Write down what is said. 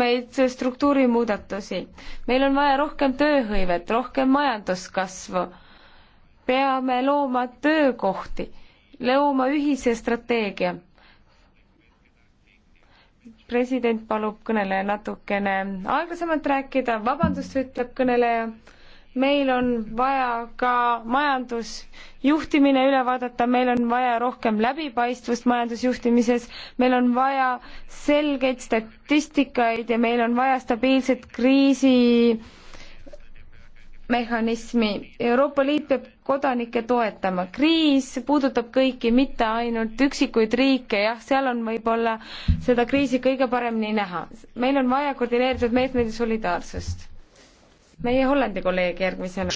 meid struktuurimuudatusi. meil on vaja rohkem tööhõivet, rohkem majanduskasvu. peame looma töökohti, looma ühise strateegia. president palub kõneleja natukene aeglasemalt rääkida, vabandust, ütleb kõneleja meil on vaja ka majandusjuhtimine üle vaadata, meil on vaja rohkem läbipaistvust majandusjuhtimises, meil on vaja selgeid statistikaid ja meil on vaja stabiilset kriisi mehhanismi. Euroopa Liit peab kodanikke toetama. kriis puudutab kõiki, mitte ainult üksikuid riike, jah, seal on võib-olla seda kriisi kõige paremini näha. meil on vaja koordineeritud meetmeid ja solidaarsust meie Hollandi kolleeg järgmisena.